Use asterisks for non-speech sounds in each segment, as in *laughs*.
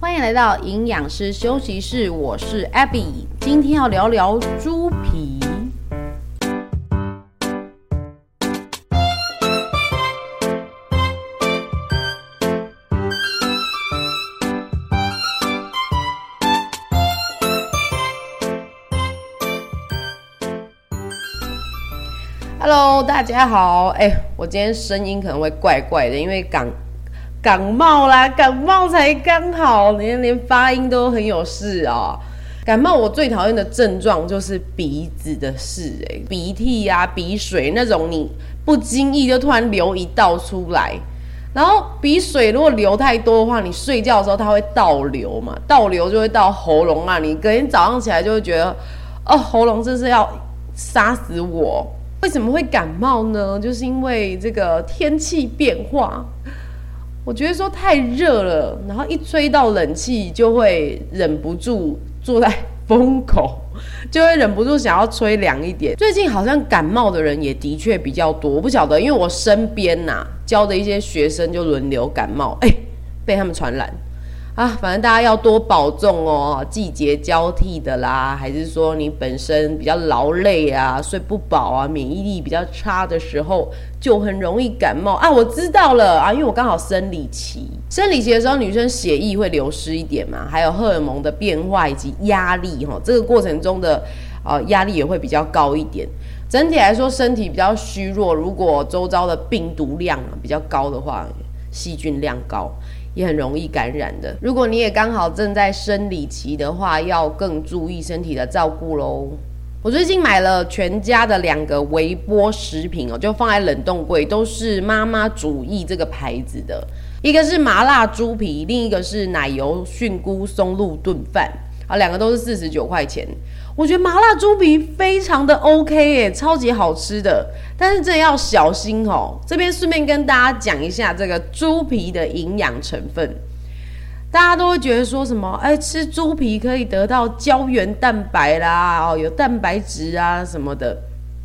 歡迎來到營養師休息室，我是 Abby，今天要聊聊豬皮。Hello，大家好，哎、欸，我今天聲音可能會怪怪的，因為港。感冒啦，感冒才剛好。連連發音都很有事哦、喔。感冒我最討厭的症狀就是鼻子的事、欸，鼻涕呀、啊、鼻水那種，你不經意就突然流一道出來。然後鼻水如果流太多的話，你睡覺的時候它會倒流嘛，倒流就會到喉嚨啊。你隔天早上起來就會覺得，哦，喉嚨真是要殺死我。為什麼會感冒呢？就是因為這個天氣變化。我覺得說太熱了，然後一吹到冷氣就會忍不住坐在風口，就會忍不住想要吹涼一點。最近好像感冒的人也的確比較多，我不曉得，因為我身邊吶、啊、教的一些學生就輪流感冒，哎、欸，被他們傳染。啊，反正大家要多保重哦。季節交替的啦，還是說你本身比較勞累啊、睡不飽啊、免疫力比較差的時候，就很容易感冒啊。我知道了啊，因為我剛好生理期，生理期的時候女生血液會流失一點嘛，還有荷爾蒙的變化以及壓力吼，這個過程中的呃壓力也會比較高一點。整體來說身體比較虛弱，如果周遭的病毒量比較高的話，細菌量高。也很容易感染的。如果你也剛好正在生理期的話，要更注意身體的照顧嘍。我最近買了全家的兩個微波食品哦，就放在冷凍櫃，都是媽媽主義這個牌子的，一個是麻辣豬皮，另一個是奶油菌菇松露燉飯，啊，兩個都是四十九塊錢。我覺得麻辣豬皮非常的 OK 耶，超級好吃的。但是這要小心哦、喔。這邊順便跟大家講一下這個豬皮的營養成分。大家都會覺得說什麼？哎、欸，吃豬皮可以得到膠原蛋白啦，哦，有蛋白質啊什麼的。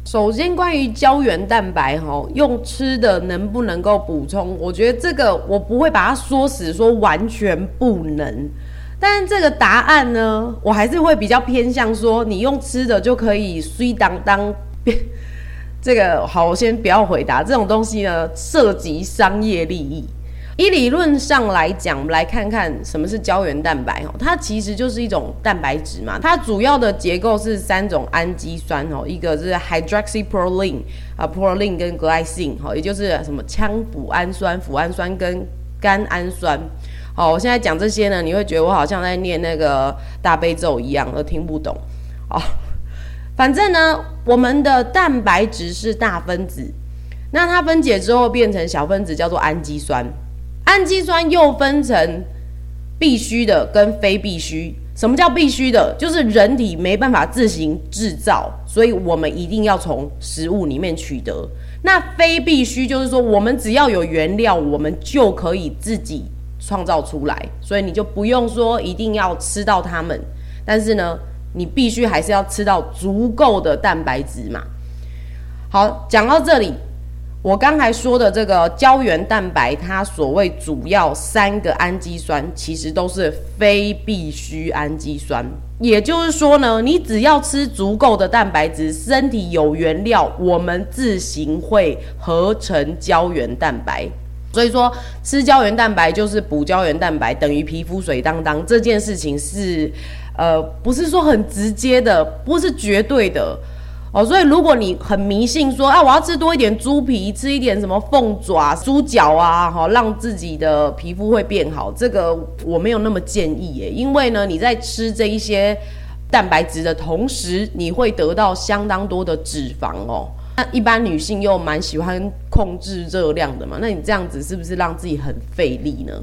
首先關於膠原蛋白，喔，用吃的能不能夠補充？我覺得這個我不會把它說死，說完全不能。但這個答案呢，我還是會比較偏向說，你用吃的就可以水噹噹。 *laughs* 這個好，我先不要回答這種東西呢，涉及商業利益。以理論上來講，我們來看看什麼是膠原蛋白哦，它其實就是一種蛋白質嘛，它主要的結構是三種氨基酸哦，一個是 hydroxyproline 啊，proline 跟 glycine，也就是什麼羥脯氨酸、脯氨酸跟甘氨酸。好，我現在講這些呢，你會覺得我好像在念那個大悲咒一樣，都聽不懂。好，反正呢，我們的蛋白質是大分子，那它分解之後變成小分子，叫做氨基酸。氨基酸又分成必須的跟非必須。什麼叫必須的？就是人體沒辦法自行制造，所以我們一定要從食物裡面取得。那非必須就是說，我們只要有原料，我們就可以自己。創造出來，所以你就不用說一定要吃到它們，但是呢，你必須還是要吃到足夠的蛋白質嘛。好，講到這裡，我剛才說的這個膠原蛋白，它所謂主要三個氨基酸，其實都是非必需氨基酸，也就是說呢，你只要吃足夠的蛋白質，身體有原料，我們自行會合成膠原蛋白。所以說，吃膠原蛋白就是補膠原蛋白，等於皮膚水當當這件事情是，呃，不是說很直接的，不是絕對的哦。所以，如果你很迷信說，啊，我要吃多一點豬皮，吃一點什麼鳳爪、豬腳啊，好、哦、讓自己的皮膚會變好，這個我沒有那麼建議耶。因為呢，你在吃這一些蛋白質的同時，你會得到相當多的脂肪哦。那一般女性又蠻喜歡控制熱量的嘛，那你這樣子是不是讓自己很費力呢？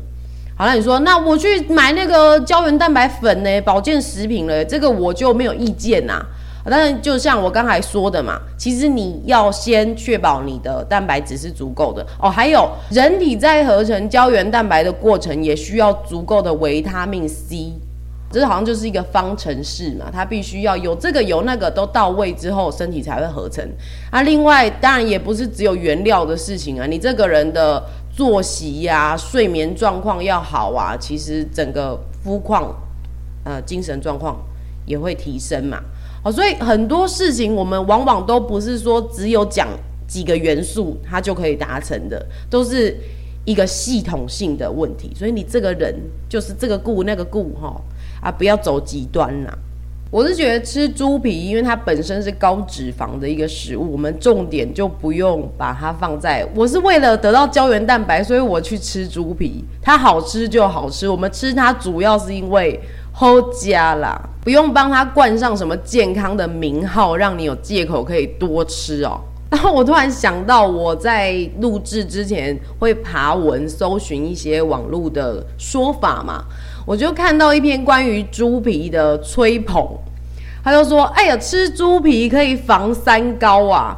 好了，那你說那我去買那個膠原蛋白粉呢、欸，保健食品了、欸，這個我就沒有意見吶、啊。但是，就像我剛才說的嘛，其實你要先確保你的蛋白質是足夠的哦。還有，人體在合成膠原蛋白的過程也需要足夠的維他命 C。這好像就是一個方程式嘛，它必須要有這個有那個都到位之後，身體才會合成。那、啊、另外當然也不是只有原料的事情啊，你這個人的作息呀、啊、睡眠狀況要好啊，其實整個膚況、呃精神狀況也會提升嘛。好、哦，所以很多事情我們往往都不是說只有講幾個元素它就可以達成的，都是一個系統性的問題。所以你這個人就是這個顧，那個顧哈。哦啊，不要走極端啦！我是覺得吃豬皮，因為它本身是高脂肪的一個食物，我們重點就不用把它放在。我是為了得到膠原蛋白，所以我去吃豬皮，它好吃就好吃。我們吃它主要是因為好吃啦，不用幫它冠上什麼健康的名號，讓你有借口可以多吃哦。啊，然後我突然想到，我在錄製之前會爬文搜尋一些網路的說法嘛。我就看到一篇關於豬皮的吹捧，他就說：“哎呀，吃豬皮可以防三高啊！”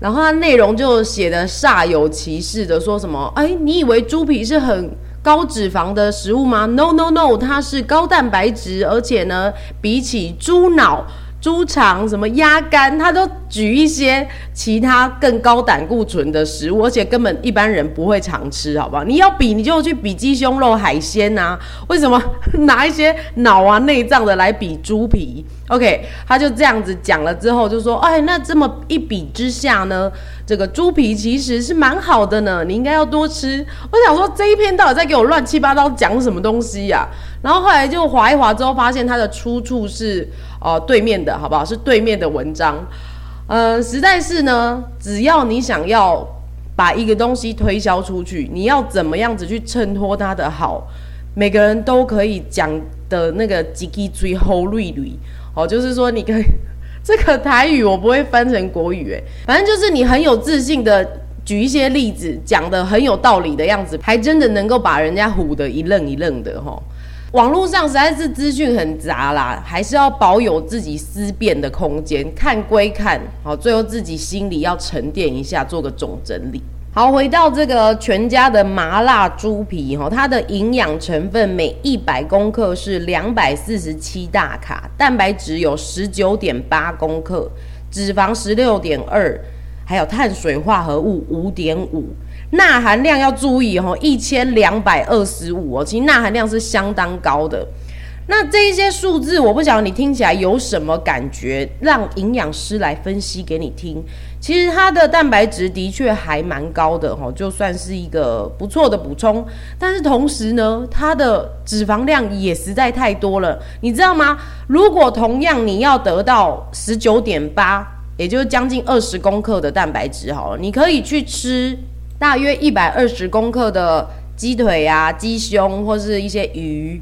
然後他內容就寫得煞有其事的，說什麼：“哎、欸，你以為豬皮是很高脂肪的食物嗎？No No No，它是高蛋白質，而且呢，比起豬腦。”豬腸什麼鴨肝，他都舉一些其他更高膽固醇的食物，而且根本一般人不會常吃，好不好？你要比，你就去比雞胸肉、海鮮啊。為什麼拿一些腦啊、內臟的來比豬皮？OK，他就這樣子講了之後，就說：哎、欸，那這麼一比之下呢？這個豬皮其實是蠻好的呢，你應該要多吃。我想說這一篇到底在給我亂七八糟講什麼東西呀、啊？然後後來就滑一滑之後，發現它的出處是哦、呃、對面的好不好？是對面的文章。呃，實在是呢，只要你想要把一個東西推銷出去，你要怎麼樣子去襯托它的好，每個人都可以講的那個嘰嘰最後綠綠。哦，就是說你可以。這個台語我不會翻成國語，欸，誒，反正就是你很有自信的舉一些例子，講得很有道理的樣子，還真的能夠把人家唬得一愣一愣的，吼，哦。網絡上實在是資訊很雜啦，還是要保有自己思辨的空間，看歸看，好，哦，最後自己心裡要沉澱一下，做個總整理。好，回到這個全家的麻辣豬皮，吼，它的營養成分每一百公克是兩百四十七大卡，蛋白質有十九點八公克，脂肪十六點二，還有碳水化合物五點五，鈉含量要注意吼，一千兩百二十五哦，其實鈉含量是相當高的。那這一些數字我不曉得你聽起來有什麼感覺，讓營養師來分析給你聽。其實它的蛋白質的確還蠻高的齁，就算是一個不錯的補充。但是同時呢，它的脂肪量也實在太多了，你知道嗎？如果同樣你要得到十九點八，也就是將近二十公克的蛋白質，好了，你可以去吃大約一百二十公克的雞腿啊、雞胸或是一些魚。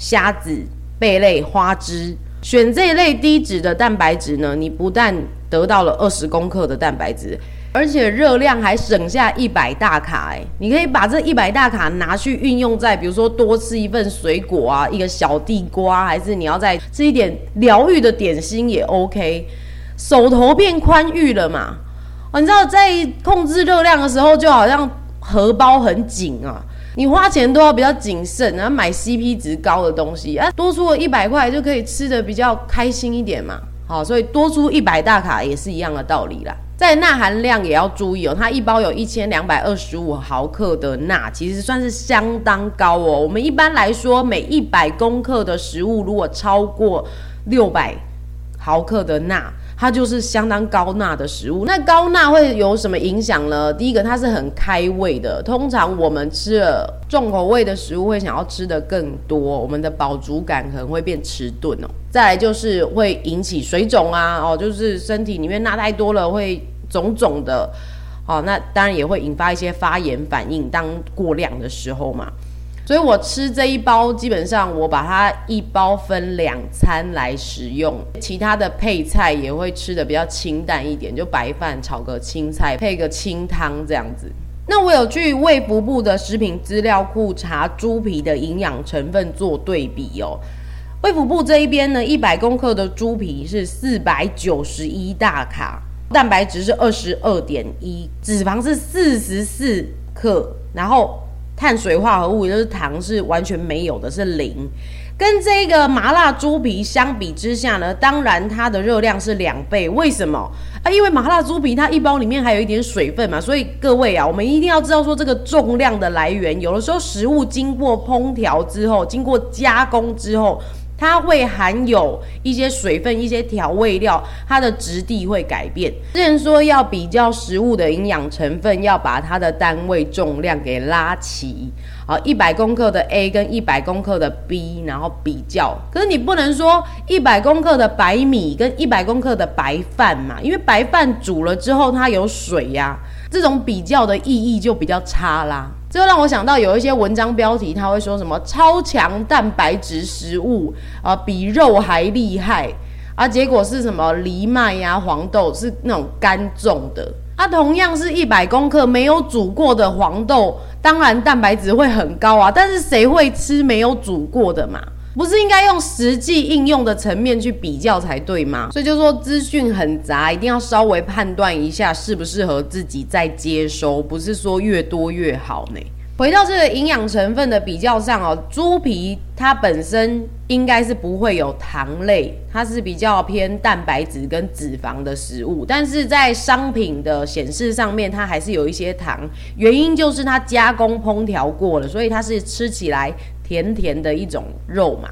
蝦子、貝類、花枝，選這一類低脂的蛋白質呢，你不但得到了二十公克的蛋白質，而且熱量還省下一百大卡欸。哎，你可以把這一百大卡拿去運用在，比如說多吃一份水果啊，一個小地瓜，還是你要再吃一點療癒的點心也 OK。手頭變寬裕了嘛。哦，你知道在控制熱量的時候，就好像荷包很緊啊。你花錢都要比較謹慎，然後買 CP 值高的東西，啊，多出了一百塊就可以吃得比較開心一點嘛。好，所以多出一百大卡也是一樣的道理啦。在鈉含量也要注意喔，它一包有一千兩百二十五毫克的鈉，其實算是相當高喔。我們一般來說，每一百公克的食物如果超過六百毫克的鈉，它就是相當高鈉的食物，那高鈉會有什麼影響呢？第一個，它是很開胃的，通常我們吃了重口味的食物會想要吃得更多，我們的飽足感可能會變遲鈍哦。再來就是會引起水腫啊，哦、喔，就是身體裡面鈉太多了會腫腫的，哦、喔，那當然也會引發一些發炎反應，當過量的時候嘛。所以我吃這一包，基本上我把它一包分兩餐來食用，其他的配菜也會吃的比較清淡一點，就白飯炒個青菜，配個清湯這樣子。那我有去衛福部的食品資料庫查豬皮的營養成分做對比哦。衛福部這一邊呢，一百公克的豬皮是四百九十一大卡，蛋白質是二十二點一，脂肪是四十四克，然後。碳水化合物就是糖是完全沒有的，是零。跟這個麻辣豬皮相比之下呢，當然它的熱量是兩倍。為什麼啊？因為麻辣豬皮它一包裡面還有一點水分嘛，所以各位啊，我們一定要知道說這個重量的來源。有的時候食物經過烹調之後，經過加工之後。它會含有一些水分、一些調味料，它的質地會改變。雖然說要比較食物的營養成分，要把它的單位重量給拉齊，啊，一百公克的 A 跟一百公克的 B，然後比較。可是你不能說一百公克的白米跟一百公克的白飯嘛，因為白飯煮了之後它有水呀，這種比較的意義就比較差啦。這讓我想到有一些文章標題，它會說什麼“超強蛋白質食物”啊，比肉還厲害啊！結果是什麼？藜麥呀、啊、黃豆是那種乾重的，它、啊、同樣是一百公克沒有煮過的黃豆，當然蛋白質會很高啊，但是誰會吃沒有煮過的嘛？不是應該用實際應用的層面去比較才對嗎？所以就說資訊很雜，一定要稍微判斷一下適不適合自己再接收，不是說越多越好呢。回到這個營養成分的比較上哦，豬皮它本身應該是不會有糖類，它是比較偏蛋白質跟脂肪的食物，但是在商品的顯示上面，它還是有一些糖，原因就是它加工烹調過了，所以它是吃起來。甜甜的一種肉嘛，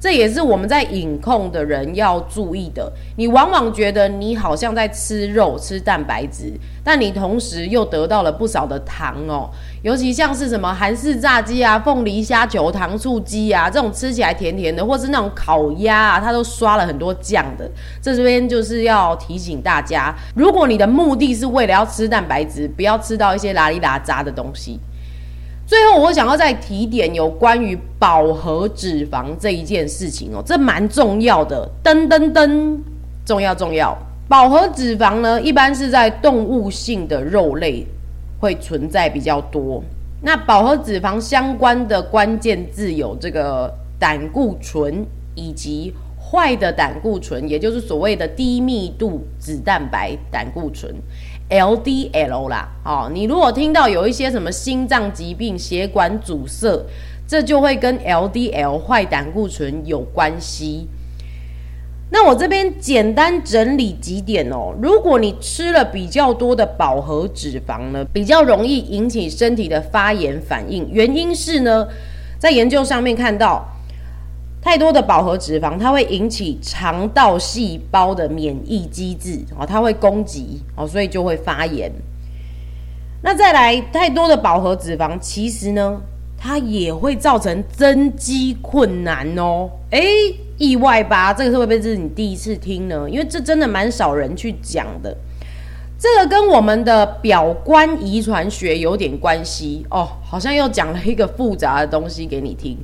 這也是我們在飲控的人要注意的。你往往覺得你好像在吃肉、吃蛋白質，但你同時又得到了不少的糖哦、喔。尤其像是什麼韓式炸雞啊、鳳梨蝦球、糖醋雞啊，這種吃起來甜甜的，或是那種烤鴨啊，它都刷了很多醬的。這邊就是要提醒大家，如果你的目的是為了要吃蛋白質，不要吃到一些拉里拉雜的東西。最後，我想要再提點有關於飽和脂肪這一件事情哦，這蠻重要的，噔噔噔，重要重要。飽和脂肪呢，一般是在動物性的肉類會存在比較多。那飽和脂肪相關的關鍵字有這個膽固醇以及壞的膽固醇，也就是所謂的低密度脂蛋白膽固醇。LDL 啦，哦，你如果聽到有一些什麼心臟疾病、血管阻塞，這就會跟 LDL 壞膽固醇有關係。那我這邊簡單整理幾點哦，如果你吃了比較多的飽和脂肪呢，比較容易引起身體的發炎反應。原因是呢，在研究上面看到。太多的飽和脂肪，它會引起腸道細胞的免疫機制啊、哦，它會攻擊哦，所以就會發炎。那再來太多的飽和脂肪，其實呢，它也會造成增肌困難哦。哎、欸，意外吧？這個是會不會是你第一次聽呢？因為這真的蠻少人去講的。這個跟我們的表觀遺傳學有點關係哦，好像又講了一個複雜的東西給你聽。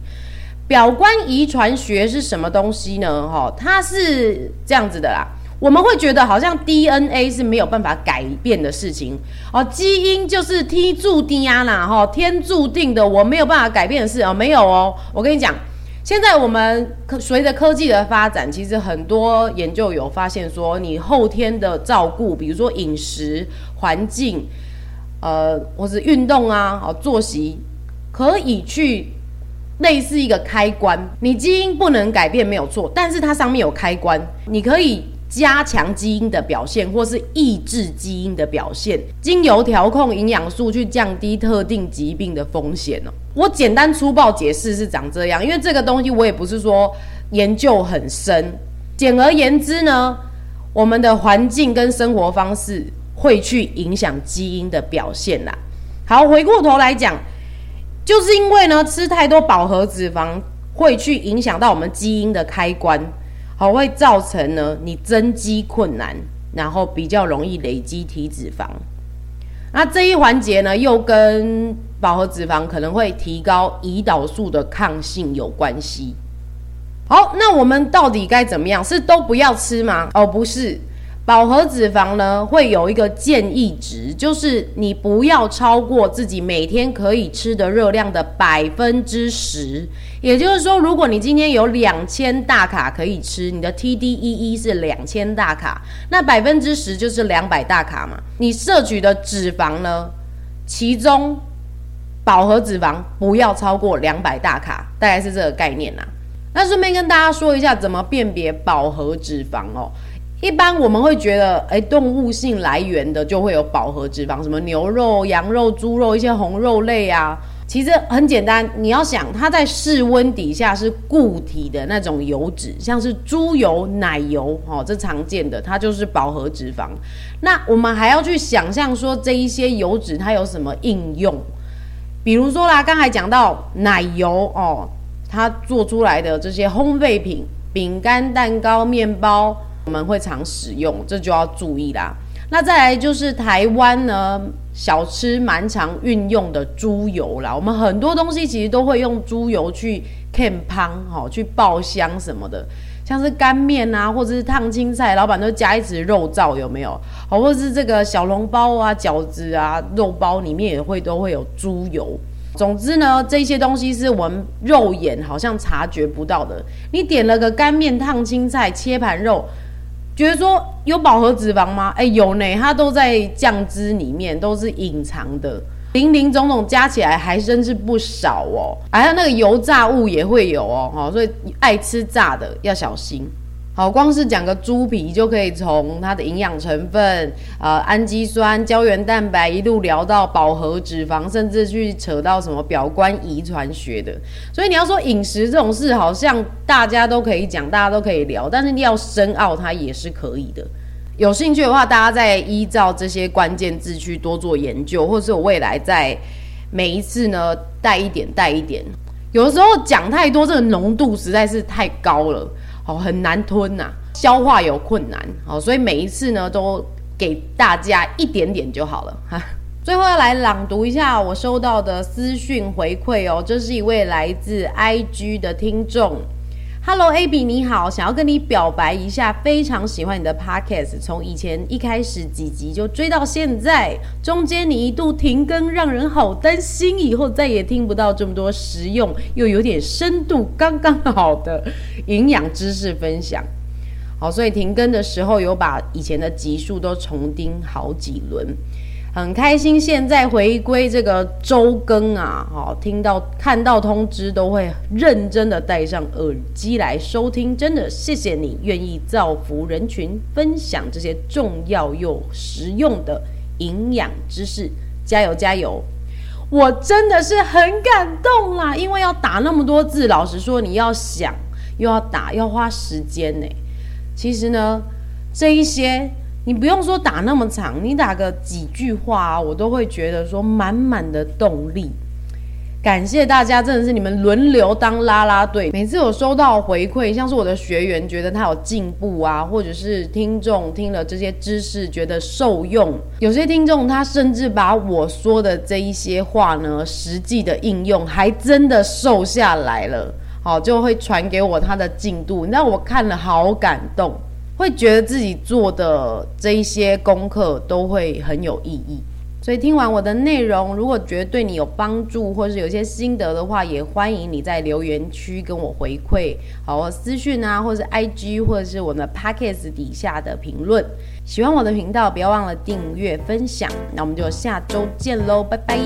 表觀遺傳學是什麼東西呢？哈、哦，它是這樣子的啦。我們會覺得好像 DNA 是沒有辦法改變的事情哦，基因就是天注定啦，哈、哦，天注定的，我沒有辦法改變的事哦。沒有哦。我跟你講，現在我們隨着科技的發展，其實很多研究有發現說，你後天的照顧，比如說飲食、環境，呃，或是運動啊，好、哦、作息，可以去。類似一個開關，你基因不能改變沒有錯，但是它上面有開關，你可以加強基因的表現，或是抑制基因的表現，經由調控營養素去降低特定疾病的風險哦。我簡單粗暴解釋是長這樣，因為這個東西我也不是說研究很深。簡而言之呢，我們的環境跟生活方式會去影響基因的表現啦。好，回過頭來講。就是因為呢，吃太多飽和脂肪會去影響到我們基因的開關，好，會造成呢你增肌困難，然後比較容易累積體脂肪。那這一環節呢，又跟飽和脂肪可能會提高胰島素的抗性有關係。好，那我們到底該怎麼樣？是都不要吃嗎？哦，不是。飽和脂肪呢，會有一個建議值，就是你不要超過自己每天可以吃的熱量的百分之十。也就是說，如果你今天有兩千大卡可以吃，你的 TDEE 是兩千大卡，那百分之十就是兩百大卡嘛。你攝取的脂肪呢，其中飽和脂肪不要超過兩百大卡，大概是這個概念啦。那順便跟大家說一下，怎麼辨別飽和脂肪哦、喔。一般我們會覺得，哎、欸，動物性來源的就會有飽和脂肪，什麼牛肉、羊肉、豬肉一些紅肉類啊。其實很簡單，你要想它在室溫底下是固體的那種油脂，像是豬油、奶油，哈、哦，這常見的它就是飽和脂肪。那我們還要去想象說這一些油脂它有什麼應用？比如說啦，剛才講到奶油哦，它做出來的這些烘焙品、餅乾、蛋糕、麵包。我們會常使用，這就要注意啦。那再來就是台灣呢，小吃蠻常運用的豬油啦。我們很多東西其實都會用豬油去 c a 胖，去爆香什麼的，像是乾麵啊，或者是燙青菜，老板都加一匙肉燥，有沒有？好、哦，或者是這個小籠包啊、餃子啊、肉包裡面也會都會有豬油。總之呢，這些東西是我們肉眼好像察覺不到的。你點了個乾麵、燙青菜、切盤肉。覺得說有飽和脂肪嗎？哎、欸，有呢，它都在醬汁裡面，都是隱藏的，零零總總加起來還真是不少哦、喔。還有那個油炸物也會有哦，哈，所以愛吃炸的要小心。好，光是講個豬皮就可以從它的營養成分啊，呃、氨基酸、膠原蛋白一路聊到飽和脂肪，甚至去扯到什麼表觀遺傳學的。所以你要說飲食這種事，好像大家都可以講，大家都可以聊，但是你要深奧它也是可以的。有興趣的話，大家再依照這些關鍵字去多做研究，或者是我未來在每一次呢帶一點帶一點。有的時候講太多，這個濃度實在是太高了。哦，很難吞吶、啊，消化有困難。好、哦，所以每一次呢，都給大家一點點就好了。呵呵，最後要來朗讀一下我收到的私訊回饋哦，這是一位來自 IG 的聽眾。Hello，Abby，你好，想要跟你表白一下，非常喜歡你的 Podcast，從以前一開始幾集就追到現在，中間你一度停更，讓人好擔心，以後再也聽不到這麼多實用又有點深度剛剛好的營養知識分享。好，所以停更的時候有把以前的集數都重聽好幾輪。很開心，現在回歸這個週更啊！好，聽到看到通知都會認真的戴上耳機來收聽，真的謝謝你願意造福人群，分享這些重要又實用的營養知識，加油加油！我真的是很感動啦，因為要打那麼多字，老實說你要想又要打，要花時間呢。其實呢，這一些。你不用說打那麼長，你打個幾句話啊，我都會覺得說滿滿的動力。感謝大家，真的是你們輪流當啦啦隊。每次我收到回饋，像是我的學員覺得他有進步啊，或者是聽眾聽了這些知識覺得受用，有些聽眾他甚至把我說的這一些話呢實際的應用，還真的瘦下來了。好，就會傳給我他的進度，那我看了好感動。會覺得自己做的這一些功課都會很有意義，所以聽完我的內容，如果覺得對你有幫助，或是有些心得的話，也歡迎你在留言區跟我回饋，好，私訊啊，或是 IG，或者是我們的 Podcast 底下的評論。喜歡我的頻道，不要忘了訂閱分享。那我們就下周見嘍，拜拜。